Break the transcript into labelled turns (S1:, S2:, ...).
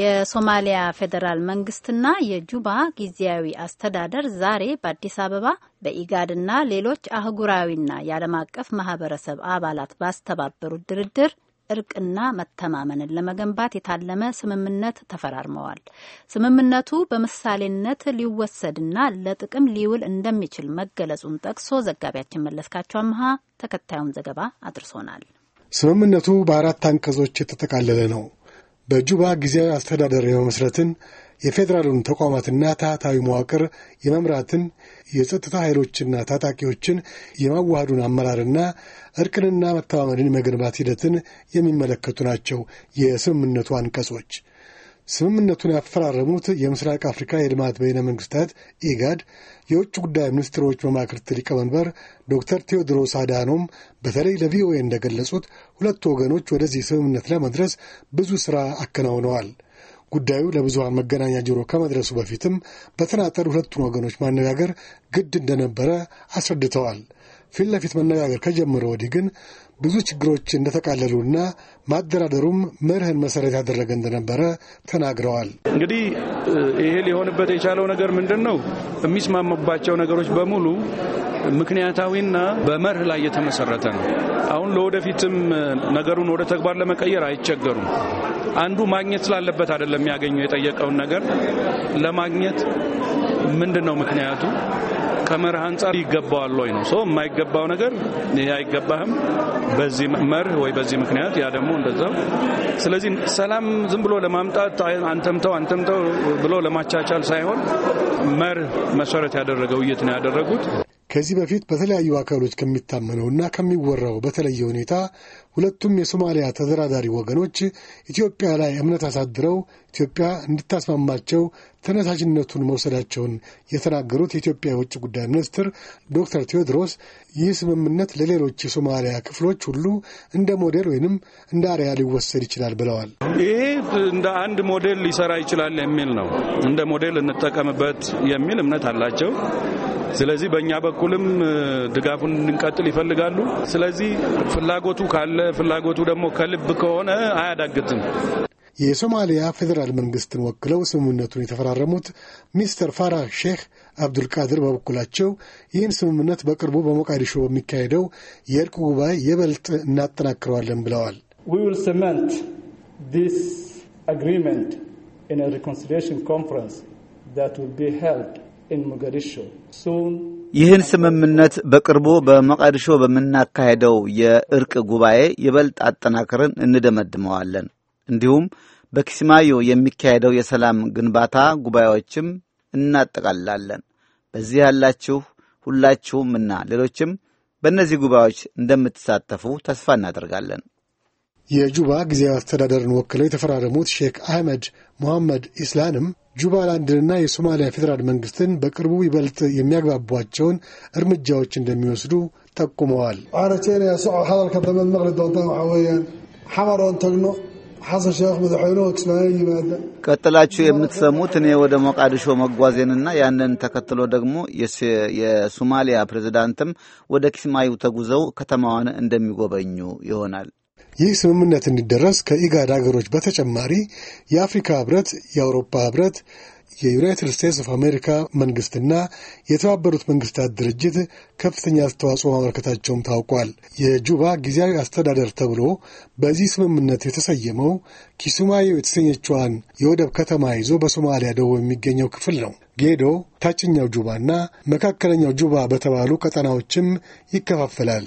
S1: የሶማሊያ ፌዴራል መንግስትና የጁባ ጊዜያዊ አስተዳደር ዛሬ በአዲስ አበባ በኢጋድና ሌሎች አህጉራዊና የዓለም አቀፍ ማህበረሰብ አባላት ባስተባበሩት ድርድር እርቅና መተማመንን ለመገንባት የታለመ ስምምነት ተፈራርመዋል። ስምምነቱ በምሳሌነት ሊወሰድና ለጥቅም ሊውል እንደሚችል መገለጹን ጠቅሶ ዘጋቢያችን መለስካቸው አምሃ ተከታዩን ዘገባ አድርሶናል።
S2: ስምምነቱ በአራት አንቀጾች የተጠቃለለ ነው። በጁባ ጊዜያዊ አስተዳደር የመመስረትን የፌዴራሉን ተቋማትና ታህታዊ መዋቅር የመምራትን የጸጥታ ኃይሎችና ታጣቂዎችን የማዋሃዱን አመራርና እርቅንና መተማመንን የመገንባት ሂደትን የሚመለከቱ ናቸው የስምምነቱ አንቀጾች። ስምምነቱን ያፈራረሙት የምስራቅ አፍሪካ የልማት በይነ መንግስታት ኢጋድ የውጭ ጉዳይ ሚኒስትሮች መማክርት ሊቀመንበር ዶክተር ቴዎድሮስ አድሃኖም በተለይ ለቪኦኤ እንደገለጹት ሁለቱ ወገኖች ወደዚህ ስምምነት ለመድረስ ብዙ ሥራ አከናውነዋል። ጉዳዩ ለብዙሀን መገናኛ ጆሮ ከመድረሱ በፊትም በተናጠል ሁለቱን ወገኖች ማነጋገር ግድ እንደነበረ አስረድተዋል። ፊት ለፊት መነጋገር ከጀመረ ወዲህ ግን ብዙ ችግሮች እንደተቃለሉና ማደራደሩም መርህን መሰረት ያደረገ እንደነበረ ተናግረዋል።
S3: እንግዲህ ይሄ ሊሆንበት የቻለው ነገር ምንድን ነው? የሚስማሙባቸው ነገሮች በሙሉ ምክንያታዊና በመርህ ላይ የተመሰረተ ነው። አሁን ለወደፊትም ነገሩን ወደ ተግባር ለመቀየር አይቸገሩም። አንዱ ማግኘት ስላለበት አይደለም የሚያገኘው የጠየቀውን ነገር ለማግኘት ምንድን ነው ምክንያቱ ከመርህ አንጻር ይገባዋል ወይ ነው ሰው የማይገባው ነገር ይህ አይገባህም በዚህ መርህ ወይ በዚህ ምክንያት ያ ደግሞ እንደዛው። ስለዚህ ሰላም ዝም ብሎ ለማምጣት አንተምተው አንተምተው ብሎ ለማቻቻል ሳይሆን መርህ መሰረት ያደረገ ውይይት ነው ያደረጉት።
S2: ከዚህ በፊት በተለያዩ አካሎች ከሚታመነውና ከሚወራው በተለየ ሁኔታ ሁለቱም የሶማሊያ ተደራዳሪ ወገኖች ኢትዮጵያ ላይ እምነት አሳድረው ኢትዮጵያ እንድታስማማቸው ተነሳሽነቱን መውሰዳቸውን የተናገሩት የኢትዮጵያ የውጭ ጉዳይ ሚኒስትር ዶክተር ቴዎድሮስ ይህ ስምምነት ለሌሎች የሶማሊያ ክፍሎች ሁሉ እንደ ሞዴል ወይንም እንደ አርያ ሊወሰድ ይችላል ብለዋል።
S3: ይሄ እንደ አንድ ሞዴል ሊሰራ ይችላል የሚል ነው። እንደ ሞዴል እንጠቀምበት የሚል እምነት አላቸው። ስለዚህ በእኛ በኩልም ድጋፉን እንድንቀጥል ይፈልጋሉ። ስለዚህ ፍላጎቱ ካለ ፍላጎቱ ደግሞ ከልብ ከሆነ አያዳግትም።
S2: የሶማሊያ ፌዴራል መንግስትን ወክለው ስምምነቱን የተፈራረሙት ሚስተር ፋራ ሼህ አብዱልቃድር በበኩላቸው ይህን ስምምነት በቅርቡ በሞቃዲሾ በሚካሄደው የእርቅ ጉባኤ የበልጥ እናጠናክረዋለን ብለዋል።
S3: ሪኮንሲሊዬሽን ኮንፈረንስ ዛት ዊል ሄልድ ኢን ሱን
S1: ይህን ስምምነት በቅርቡ በመቃድሾ በምናካሄደው የእርቅ ጉባኤ ይበልጥ አጠናክርን እንደመድመዋለን። እንዲሁም በኪስማዮ የሚካሄደው የሰላም ግንባታ ጉባኤዎችም እናጠቃልላለን። በዚህ ያላችሁ ሁላችሁም እና ሌሎችም በእነዚህ ጉባኤዎች እንደምትሳተፉ ተስፋ እናደርጋለን።
S2: የጁባ ጊዜያዊ አስተዳደርን ወክለው የተፈራረሙት ሼክ አህመድ ሙሐመድ ኢስላንም ጁባላንድንና የሶማሊያ ፌዴራል መንግስትን በቅርቡ ይበልጥ የሚያግባቧቸውን እርምጃዎች እንደሚወስዱ ጠቁመዋል።
S1: ቀጥላችሁ የምትሰሙት እኔ ወደ ሞቃዲሾ መጓዜንና ያንን ተከትሎ ደግሞ የሶማሊያ ፕሬዚዳንትም ወደ ኪስማዩ ተጉዘው ከተማዋን እንደሚጎበኙ ይሆናል።
S2: ይህ ስምምነት እንዲደረስ ከኢጋድ አገሮች በተጨማሪ የአፍሪካ ህብረት፣ የአውሮፓ ህብረት፣ የዩናይትድ ስቴትስ ኦፍ አሜሪካ መንግስትና የተባበሩት መንግስታት ድርጅት ከፍተኛ አስተዋጽኦ ማበረከታቸውም ታውቋል። የጁባ ጊዜያዊ አስተዳደር ተብሎ በዚህ ስምምነት የተሰየመው ኪሱማዮ የተሰኘችዋን የወደብ ከተማ ይዞ በሶማሊያ ደቡብ የሚገኘው ክፍል ነው። ጌዶ፣ ታችኛው ጁባና መካከለኛው ጁባ በተባሉ ቀጠናዎችም ይከፋፈላል።